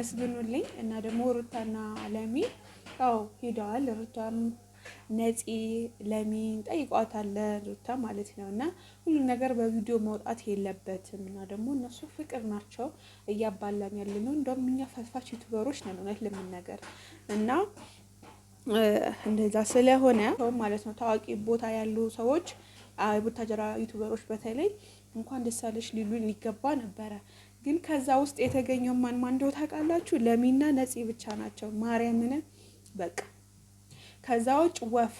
አመስግኑልኝ እና ደግሞ ሩታና ለሚ ያው ሄደዋል። ሩታም ነፂ ለሚን ጠይቋታለን ሩታ ማለት ነው። እና ሁሉም ነገር በቪዲዮ መውጣት የለበትም እና ደግሞ እነሱ ፍቅር ናቸው እያባላን ያለ ነው። እንደውም እኛ ፈፋች ዩቱበሮች ነን እውነት ለምን ነገር እና እንደዛ ስለሆነ ማለት ነው ታዋቂ ቦታ ያሉ ሰዎች የቡታጀራ ዩቱበሮች በተለይ እንኳን ደሳለሽ ሊሉን ይገባ ነበረ። ግን ከዛ ውስጥ የተገኘው ማን ማን እንደው ታውቃላችሁ? ለሚና ነፂ ብቻ ናቸው። ማርያምን በቃ ከዛ ውጭ ወፍ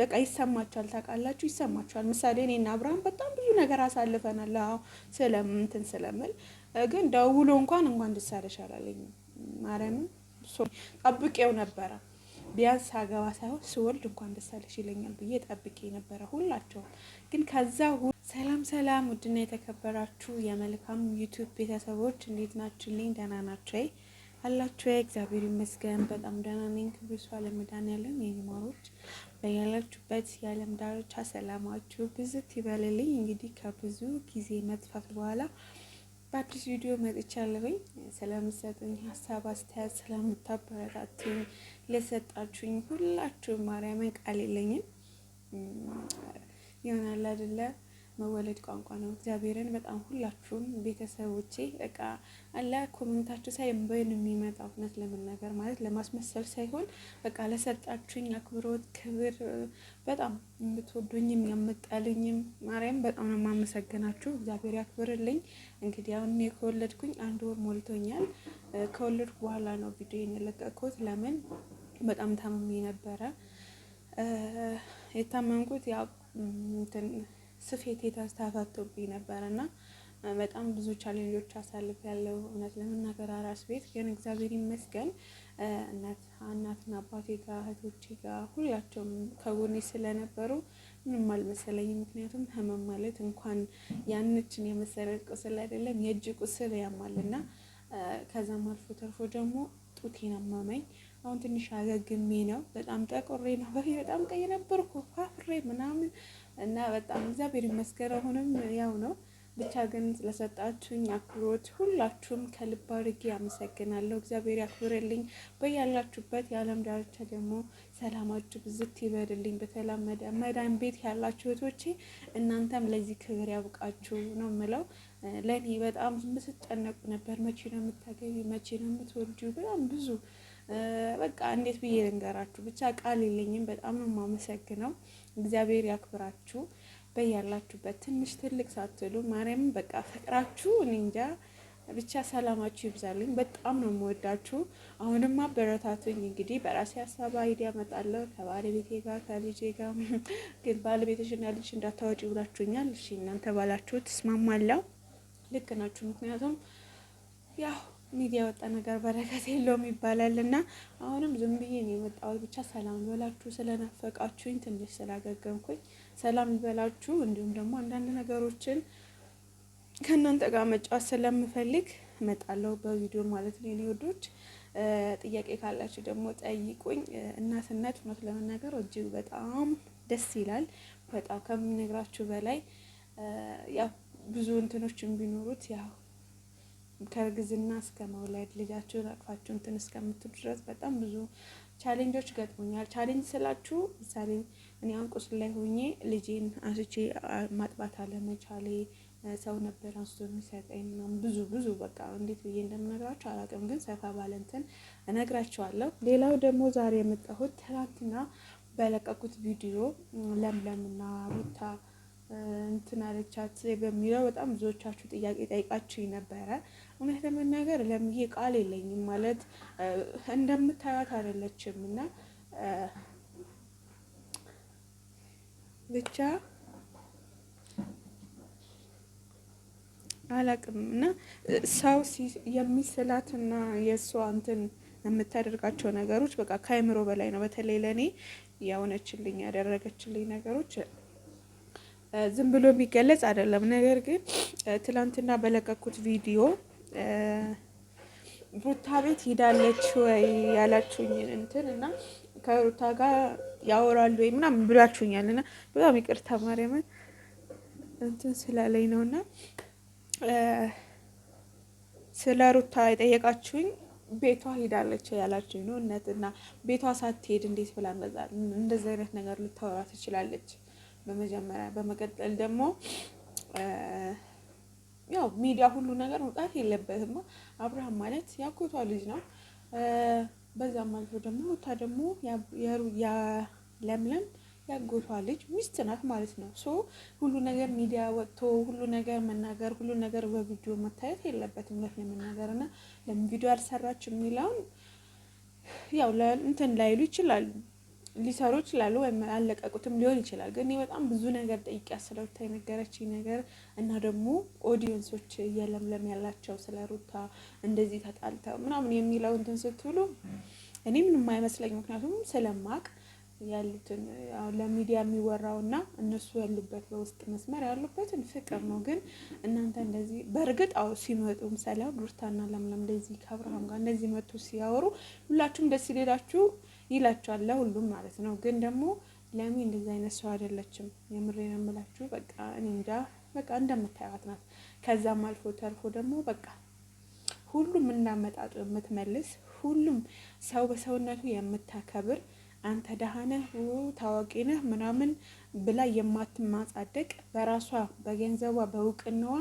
በቃ ይሰማችኋል፣ ታውቃላችሁ፣ ይሰማችኋል። ምሳሌ እኔና አብርሃም በጣም ብዙ ነገር አሳልፈናል። አዎ ስለምንትን ስለምል ግን ደውሎ እንኳን እንኳን ደስ አለሽ አላለኝም። ማርያምን ጠብቄው ነበረ ቢያንስ ሳገባ ሳይሆን ስወልድ እንኳን ደስ ይለኛል ብዬ ጠብቄ ነበረ ሁላቸውም። ግን ከዛ ሁ ሰላም ሰላም፣ ውድና የተከበራችሁ የመልካም ዩቱብ ቤተሰቦች እንዴት ናችሁልኝ? ደህና ናቸው አላችሁ? እግዚአብሔር ይመስገን በጣም ደህና ነኝ። ክብር ይስፋ ያለን የማሮች በያላችሁበት የዓለም ዳርቻ ሰላማችሁ ብዝት ይበልልኝ። እንግዲህ ከብዙ ጊዜ መጥፋት በኋላ በአዲስ ቪዲዮ መጥቻለሁኝ። ስለምሰጡኝ ሀሳብ አስተያየት፣ ስለምታበረታቱኝ፣ ለሰጣችሁኝ ሁላችሁም ማርያምን ቃል የለኝም ይሆናል አይደለ መወለድ ቋንቋ ነው። እግዚአብሔርን በጣም ሁላችሁም ቤተሰቦቼ እቃ አለ ኮሜንታችሁ ሳይ እንበል የሚመጣ እውነት ለመናገር ማለት ለማስመሰል ሳይሆን በቃ ለሰጣችሁኝ አክብሮት፣ ክብር በጣም የምትወዱኝም የምጠሉኝም ማርያም በጣም ነው የማመሰግናችሁ። እግዚአብሔር ያክብርልኝ። እንግዲህ አሁን እኔ ከወለድኩኝ አንድ ወር ሞልቶኛል። ከወለድኩ በኋላ ነው ቪዲዮ የለቀቅኩት። ለምን በጣም ታምሜ ነበረ። የታመምኩት ያው ስፌቴ ተስተካክቶብኝ ነበር እና በጣም ብዙ ቻሌንጆች አሳልፍ ያለው እውነት ለመናገር አራስ ቤት ግን እግዚአብሔር ይመስገን እናት እናትና አባቴ ጋር እህቶቼ ጋር ሁላቸውም ከጎኔ ስለነበሩ ምንም አልመሰለኝ። ምክንያቱም ህመም ማለት እንኳን ያንችን የመሰለ ቁስል አይደለም የእጅ ቁስል ያማል ያማልና ከዛም አልፎ ተርፎ ደግሞ ጡቴን አማመኝ። አሁን ትንሽ አገግሜ ነው። በጣም ጠቁሬ ነው። በጣም ቀይ ነበርኩ፣ ፋፍሬ ምናምን እና በጣም እግዚአብሔር ይመስገን አሁንም ያው ነው። ብቻ ግን ስለሰጣችሁኝ አክብሮት ሁላችሁም ከልብ አድርጌ አመሰግናለሁ። እግዚአብሔር ያክብርልኝ። በያላችሁበት የዓለም ዳርቻ ደግሞ ሰላማችሁ ብዝት ይበልልኝ። በተለይ መዳን ቤት ያላችሁ እህቶቼ እናንተም ለዚህ ክብር ያብቃችሁ ነው የምለው። ለእኔ በጣም ስጨነቁ ነበር። መቼ ነው የምታገቢ? መቼ ነው የምትወልጂው? በጣም ብዙ በቃ እንዴት ብዬ ልንገራችሁ። ብቻ ቃል የለኝም። በጣም ነው የማመሰግነው። እግዚአብሔር ያክብራችሁ። በያላችሁበት ትንሽ ትልቅ ሳትሉ ማርያም በቃ ፈቅራችሁ እኔ እንጃ ብቻ ሰላማችሁ ይብዛልኝ። በጣም ነው የምወዳችሁ። አሁንም አበረታቱኝ። እንግዲህ በራሴ ሀሳብ አይዲያ እመጣለሁ ከባለቤቴ ጋር ከልጄ ጋር። ግን ባለቤትሽና ልጅ እንዳታወጪ ብላችሁኛል። እሺ እናንተ ባላችሁ ትስማማለሁ። ልክ ናችሁ። ምክንያቱም ያው ሚዲያ ወጣ ነገር በረከት የለውም ይባላል እና አሁንም ዝም ብዬ ነው የመጣሁት። ብቻ ሰላም ይበላችሁ። ስለናፈቃችሁኝ ትንሽ ስላገገምኩኝ ሰላም ይበላችሁ። እንዲሁም ደግሞ አንዳንድ ነገሮችን ከእናንተ ጋር መጫወት ስለምፈልግ እመጣለሁ በቪዲዮ ማለት ነው። የኔ ጥያቄ ካላችሁ ደግሞ ጠይቁኝ። እናትነት እውነት ለመናገር እጅግ በጣም ደስ ይላል። በጣም ከምነግራችሁ በላይ ያው ብዙ እንትኖችን ቢኖሩት ያው ከእርግዝና እስከ መውለድ ልጃችሁን አቅፋችሁ እንትን እስከምትሉ ድረስ በጣም ብዙ ቻሌንጆች ገጥሞኛል። ቻሌንጅ ስላችሁ ምሳሌ እኔ አንቁስ ላይ ሆኜ ልጄን አንስቼ ማጥባት አለመቻሌ ሰው ነበር አንስቶ የሚሰጠኝ ምናምን ብዙ ብዙ በቃ እንዴት ብዬ እንደምነግራችሁ አላውቅም፣ ግን ሰፋ ባለ እንትን እነግራችኋለሁ። ሌላው ደግሞ ዛሬ የመጣሁት ትናንትና በለቀቁት ቪዲዮ ለምለምና ሩታ እንትን አለቻት በሚለው በጣም ብዙዎቻችሁ ጥያቄ ጠይቃችሁ ነበረ። እውነት ለመናገር ለምዬ ቃል የለኝም ማለት እንደምታያት አይደለችም እና ብቻ አላቅም እና ሰው የሚስላትና የእሷ እንትን የምታደርጋቸው ነገሮች በቃ ከአይምሮ በላይ ነው። በተለይ ለእኔ የሆነችልኝ ያደረገችልኝ ነገሮች ዝም ብሎ የሚገለጽ አይደለም። ነገር ግን ትላንትና በለቀኩት ቪዲዮ ሩታ ቤት ሄዳለች ወይ ያላችሁኝን እንትን እና ከሩታ ጋር ያወራሉ ወይ ምናምን ብላችሁኛል እና በጣም ይቅርታ ማርያምን እንትን ስላለኝ ነው እና ስለ ሩታ የጠየቃችሁኝ ቤቷ ሄዳለች ያላችሁኝ ነው። እነትና ቤቷ ሳትሄድ እንዴት ብላ እንደዚህ አይነት ነገር ልታወራ ትችላለች? በመጀመሪያ በመቀጠል ደግሞ ያው ሚዲያ ሁሉ ነገር መውጣት የለበትማ። አብርሃም ማለት ያጎቷ ልጅ ነው። በዛም አልፎ ደግሞ ወታ ደግሞ ለምለም ያጎቷ ልጅ ሚስት ናት ማለት ነው። ሶ ሁሉ ነገር ሚዲያ ወጥቶ ሁሉ ነገር መናገር ሁሉ ነገር በቪዲዮ መታየት የለበትም። እውነት ለመናገር እና ለምን ቪዲዮ አልሰራች የሚለውን ያው እንትን ላይሉ ይችላሉ ሊሰሩ ይችላሉ ወይም አለቀቁትም ሊሆን ይችላል። ግን በጣም ብዙ ነገር ጠይቄ ስለ ሩታ የነገረችኝ ነገር እና ደግሞ ኦዲየንሶች እየለምለም ያላቸው ስለ ሩታ እንደዚህ ተጣልተው ምናምን የሚለው እንትን ስትሉ እኔ ምንም አይመስለኝ። ምክንያቱም ስለማቅ ያሉትን ለሚዲያ የሚወራው እና እነሱ ያሉበት በውስጥ መስመር ያሉበትን ፍቅር ነው። ግን እናንተ እንደዚህ በእርግጥ አዎ ሲመጡም ሰላም ሩታና ለምለም እንደዚህ ከአብርሃም ጋር እንደዚህ መጡ ሲያወሩ ሁላችሁም ደስ ይሌላችሁ ይላቸዋል ለሁሉም ማለት ነው። ግን ደግሞ ለሚ እንደዚህ አይነት ሰው አይደለችም። የምሬ ነው የምላችሁ። በቃ እኔ እንጃ በቃ እንደምታያት ናት። ከዛም አልፎ ተርፎ ደግሞ በቃ ሁሉም እንዳመጣጡ የምትመልስ ሁሉም ሰው በሰውነቱ የምታከብር አንተ ደሃ ነህ ታዋቂ ነህ ምናምን ብላ የማትማጻደቅ በራሷ በገንዘቧ በእውቅናዋ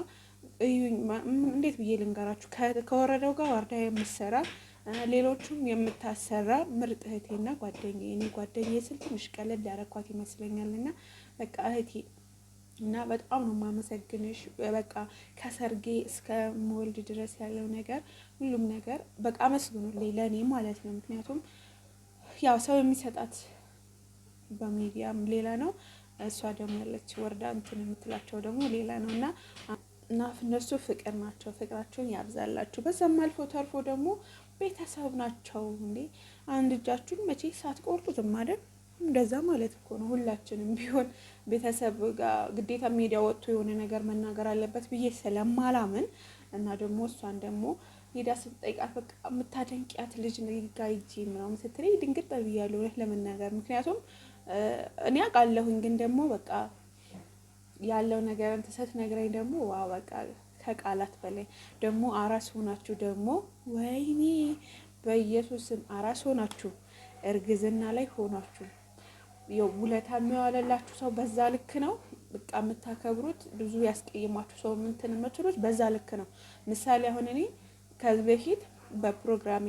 እንዴት ብዬ ልንገራችሁ ከወረደው ጋር ዋርዳ የምትሰራ ሌሎቹም የምታሰራ ምርጥ እህቴና ጓደኛ እኔ ጓደኛ ስል ትንሽ ቀለል ያረኳት ይመስለኛል። እና በቃ እህቴ እና በጣም ነው የማመሰግንሽ። በቃ ከሰርጌ እስከ ምወልድ ድረስ ያለው ነገር ሁሉም ነገር በቃ አመስግኑልኝ ለእኔ ማለት ነው። ምክንያቱም ያው ሰው የሚሰጣት በሚዲያም ሌላ ነው፣ እሷ ደግሞ ያለች ወርዳ እንትን የምትላቸው ደግሞ ሌላ ነው እና እና እነሱ ፍቅር ናቸው። ፍቅራቸውን ያብዛላችሁ። በዛም አልፎ ተርፎ ደግሞ ቤተሰብ ናቸው እንዴ! አንድ እጃችሁን መቼ ሳትቆርጡትም አይደል? እንደዛ ማለት እኮ ነው። ሁላችንም ቢሆን ቤተሰብ ጋር ግዴታ ሚዲያ ወጥቶ የሆነ ነገር መናገር አለበት ብዬ ስለማላምን እና ደግሞ እሷን ደግሞ ሄዳ ስትጠይቃት በቃ የምታደንቂያት ልጅ ጋ ሂጂ ምናምን ስትለኝ ድንግጥ ብያለሁ እውነት ለመናገር ምክንያቱም እኔ አውቃለሁኝ ግን ደግሞ በቃ ያለው ነገር እንትን ስትነግረኝ ደግሞ ዋ በቃ ከቃላት በላይ ደግሞ አራስ ሆናችሁ ደግሞ ወይኔ በኢየሱስም አራስ ሆናችሁ እርግዝና ላይ ሆናችሁ ውለታ የሚዋለላችሁ ሰው በዛ ልክ ነው። በቃ የምታከብሩት ብዙ ያስቀይማችሁ ሰው ምንትን የምትሉት በዛ ልክ ነው። ምሳሌ አሁን እኔ ከዚህ በፊት በፕሮግራሜ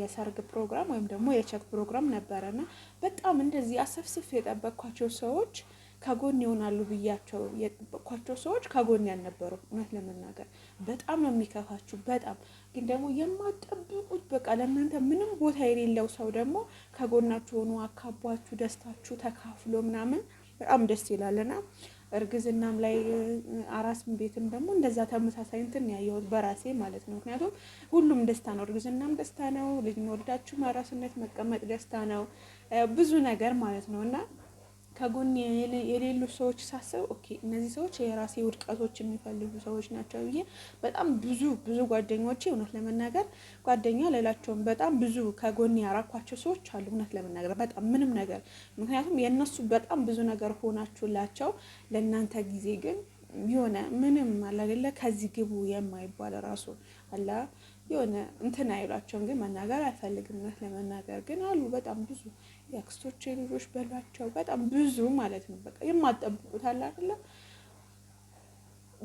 የሰርግ ፕሮግራም ወይም ደግሞ የቸክ ፕሮግራም ነበረና በጣም እንደዚህ አሰፍስፍ የጠበቅኳቸው ሰዎች ከጎን ይሆናሉ ብያቸው የጠበቅኳቸው ሰዎች ከጎን ያልነበሩ እውነት ለመናገር በጣም ነው የሚከፋችሁ። በጣም ግን ደግሞ የማጠብቁት በቃ ለእናንተ ምንም ቦታ የሌለው ሰው ደግሞ ከጎናችሁ ሆኖ አካቧችሁ ደስታችሁ ተካፍሎ ምናምን በጣም ደስ ይላልና እርግዝናም ላይ አራስም ቤትም ደግሞ እንደዛ ተመሳሳይ እንትን ያየሁት በራሴ ማለት ነው። ምክንያቱም ሁሉም ደስታ ነው። እርግዝናም ደስታ ነው። ልጅ መወልዳችሁ ማራስነት መቀመጥ ደስታ ነው። ብዙ ነገር ማለት ነው እና ከጎን የሌሉ ሰዎች ሳስብ ኦኬ እነዚህ ሰዎች የራሴ ውድቀቶች የሚፈልጉ ሰዎች ናቸው ብዬ በጣም ብዙ ብዙ ጓደኞቼ እውነት ለመናገር ጓደኛ ሌላቸውም በጣም ብዙ ከጎን ያራኳቸው ሰዎች አሉ። እውነት ለመናገር በጣም ምንም ነገር ምክንያቱም የእነሱ በጣም ብዙ ነገር ሆናችሁላቸው ለእናንተ ጊዜ ግን የሆነ ምንም አላገለ ከዚህ ግቡ የማይባል ራሱ አለ የሆነ እንትን አይሏቸውም። ግን መናገር አይፈልግም። እውነት ለመናገር ግን አሉ በጣም ብዙ የአክስቶቼ ልጆች በሏቸው በጣም ብዙ ማለት ነው። በቃ የማጠብቁት አለ አይደለ?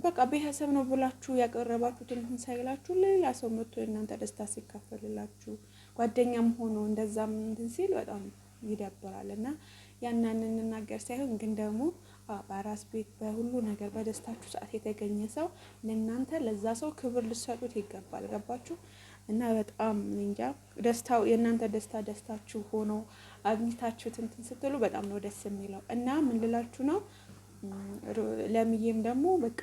በቃ ቤተሰብ ነው ብላችሁ ያቀረባችሁት እንትን ሳይላችሁ ሌላ ሰው መጥቶ የእናንተ ደስታ ሲካፈልላችሁ ጓደኛም ሆኖ እንደዛም እንትን ሲል በጣም ይደብራል። እና ያናን እንናገር ሳይሆን ግን ደግሞ በአራስ ቤት በሁሉ ነገር በደስታችሁ ሰዓት የተገኘ ሰው ለእናንተ ለዛ ሰው ክብር ልሰጡት ይገባል። ገባችሁ? እና በጣም እንጃ ደስታው የእናንተ ደስታ ደስታችሁ ሆኖ አግኝታችሁት እንትን ስትሉ በጣም ነው ደስ የሚለው እና ምን ልላችሁ ነው ለምዬም ደግሞ በቃ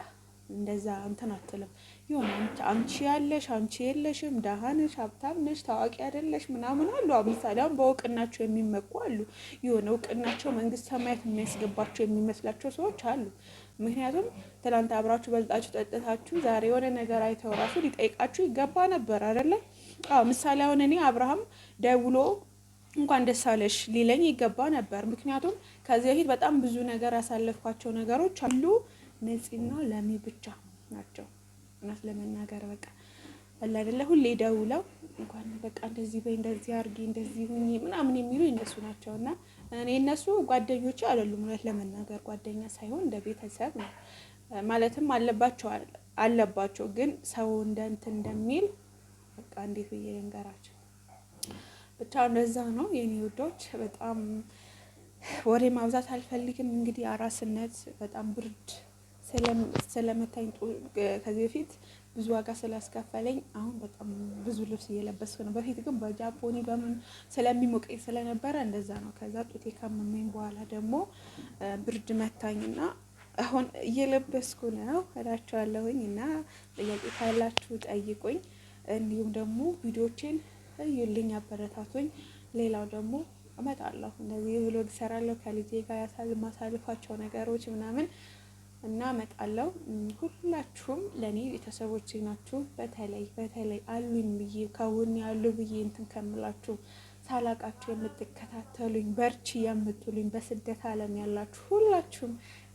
እንደዛ እንትን አትልም። የሆነ አንቺ ያለሽ አንቺ የለሽም፣ ደሃ ነሽ፣ ሀብታም ነሽ፣ ታዋቂ አይደለሽ ምናምን አሉ። ምሳሌ አሁን በእውቅናቸው የሚመቁ አሉ። የሆነ እውቅናቸው መንግስት ሰማያት የሚያስገባቸው የሚመስላቸው ሰዎች አሉ። ምክንያቱም ትናንት አብራችሁ በልጣችሁ ጠጥታችሁ ዛሬ የሆነ ነገር አይተው ራሱ ሊጠይቃችሁ ይገባ ነበር አይደለ? ምሳሌ አሁን እኔ አብርሃም ደውሎ እንኳን ደስ አለሽ ሊለኝ ይገባ ነበር። ምክንያቱም ከዚህ በፊት በጣም ብዙ ነገር ያሳለፍኳቸው ነገሮች አሉ። ነፂና ለሚ ብቻ ናቸው እውነት ለመናገር በቃ አይደለ ሁሌ ደውለው እንኳን በቃ እንደዚህ በይ እንደዚህ አርጊ እንደዚህ ሁኚ ምናምን የሚሉ እነሱ ናቸው። እና እኔ እነሱ ጓደኞች አይደሉም እውነት ለመናገር ጓደኛ ሳይሆን እንደ ቤተሰብ ነው ማለትም አለባቸው አለባቸው ግን ሰው እንደ እንትን እንደሚል በቃ እንዴት ብዬ ልንገራቸው ብቻ እንደዛ ነው የኔ ውዶች። በጣም ወሬ ማብዛት አልፈልግም። እንግዲህ አራስነት በጣም ብርድ ስለመታኝ ከዚህ በፊት ብዙ ዋጋ ስላስከፈለኝ አሁን በጣም ብዙ ልብስ እየለበስኩ ነው። በፊት ግን በጃፖኒ በምን ስለሚሞቀኝ ስለነበረ እንደዛ ነው። ከዛ ጡቴ ካመመኝ በኋላ ደግሞ ብርድ መታኝና አሁን እየለበስኩ ነው እላቸዋለሁኝ። እና ጥያቄ ካላችሁ ጠይቁኝ። እንዲሁም ደግሞ ቪዲዮችን እዩልኝ፣ አበረታቱኝ። ሌላው ደግሞ እመጣለሁ እንደዚህ ብሎግ እሰራለሁ ከልጄ ጋር ያሳል ማሳልፋቸው ነገሮች ምናምን እና እመጣለሁ። ሁላችሁም ለእኔ ቤተሰቦች ናችሁ። በተለይ በተለይ አሉኝ ብዬ ከጎኔ ያሉ ብዬ እንትን ከምላችሁ ታላቃችሁ የምትከታተሉኝ በርቺ የምትሉኝ በስደት ዓለም ያላችሁ ሁላችሁም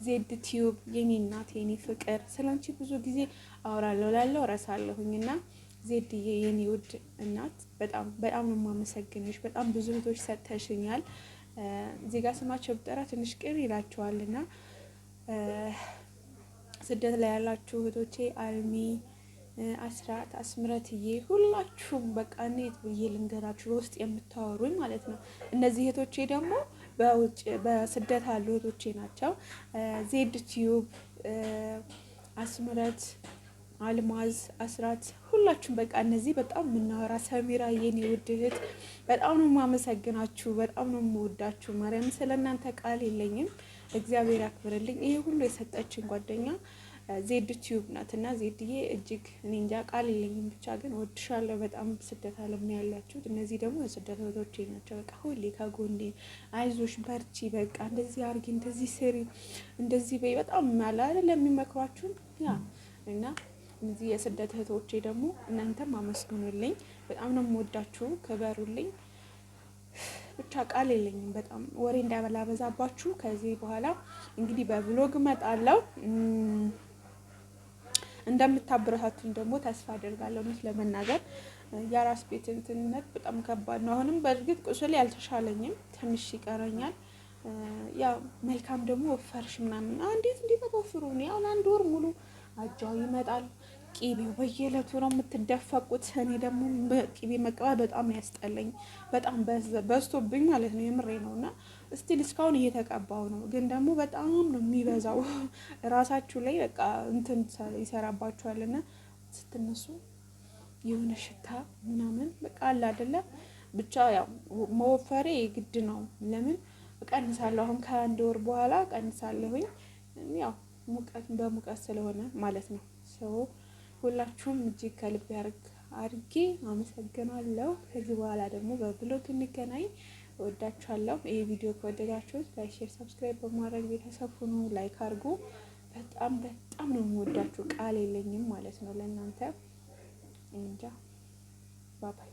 ዜድ ቲዩብ የኔ እናት የኔ ፍቅር ስላንቺ ብዙ ጊዜ አውራለሁ ላለው ረሳለሁኝ እና ዜድዬ የኔ ውድ እናት በጣም በጣም ነው የማመሰግንሽ። በጣም ብዙ እህቶች ሰጥተሽኛል። እዚህ ጋር ስማቸው ብጠራ ትንሽ ቅር ይላቸዋል እና ስደት ላይ ያላችሁ እህቶቼ አልሚ አስራት አስምረትዬ ሁላችሁም በቃ እንዴት ብዬ ልንገራችሁ፣ በውስጥ የምታወሩኝ ማለት ነው። እነዚህ እህቶቼ ደግሞ በውጭ በስደት ያሉ እህቶቼ ናቸው። ዜድ ቲዩብ አስምረት፣ አልማዝ፣ አስራት ሁላችሁም በቃ እነዚህ በጣም የምናወራ ሰሚራ የኔ ውድ እህት በጣም ነው የማመሰግናችሁ፣ በጣም ነው የምወዳችሁ። ማርያም ስለ እናንተ ቃል የለኝም። እግዚአብሔር ያክብርልኝ። ይሄ ሁሉ የሰጠችን ጓደኛ ዜድ ቲዩብ ናት እና ዜድዬ እጅግ እኔ እንጃ ቃል የለኝም። ብቻ ግን ወድሻለሁ በጣም ስደት ዓለም ያላችሁት። እነዚህ ደግሞ የስደት እህቶቼ ናቸው። በቃ ሁሌ ከጎኔ አይዞሽ፣ በርቺ፣ በቃ እንደዚህ አርጊ፣ እንደዚህ ስሪ፣ እንደዚህ በይ በጣም ያለ ለሚመክሯችሁም ያ እና እዚህ የስደት እህቶቼ ደግሞ እናንተም አመስግኑልኝ። በጣም ነው የምወዳችሁ፣ ክበሩልኝ። ብቻ ቃል የለኝም። በጣም ወሬ እንዳላበዛባችሁ ከዚህ በኋላ እንግዲህ በብሎግ እመጣለሁ። እንደምታበረታቱኝ ደግሞ ተስፋ አደርጋለሁ። እውነት ለመናገር የአራስ ቤት እንትንነት በጣም ከባድ ነው። አሁንም በእርግጥ ቁስል ያልተሻለኝም ትንሽ ይቀረኛል። ያው መልካም ደግሞ ወፈርሽ ምናምን እንዴት እንዴት ተወፍሩ ያው አንድ ወር ሙሉ አጃው ይመጣል ቂቤው በየዕለቱ ነው የምትደፈቁት። እኔ ደግሞ ቂቤ መቀባት በጣም ነው ያስጠላኝ፣ በጣም በዝቶብኝ ማለት ነው። የምሬ ነው እና እስቲል እስካሁን እየተቀባው ነው፣ ግን ደግሞ በጣም ነው የሚበዛው። ራሳችሁ ላይ በቃ እንትን ይሰራባችኋል እና ስትነሱ የሆነ ሽታ ምናምን በቃ አለ አይደለ። ብቻ ያው መወፈሬ ግድ ነው። ለምን እቀንሳለሁ? አሁን ከአንድ ወር በኋላ እቀንሳለሁኝ። ያው ሙቀት በሙቀት ስለሆነ ማለት ነው ሰው ሁላችሁም እጅግ ከልብ ያርግ አድርጌ አመሰግናለሁ። ከዚህ በኋላ ደግሞ በብሎግ እንገናኝ። እወዳችኋለሁ። ይሄ ቪዲዮ ከወደዳችሁት ላይክ፣ ሼር፣ ሰብስክራይብ በማድረግ ቤተሰብ ሁኑ። ላይክ አድርጉ። በጣም በጣም ነው የምወዳችሁ። ቃል የለኝም ማለት ነው ለእናንተ እንጃ ባባይ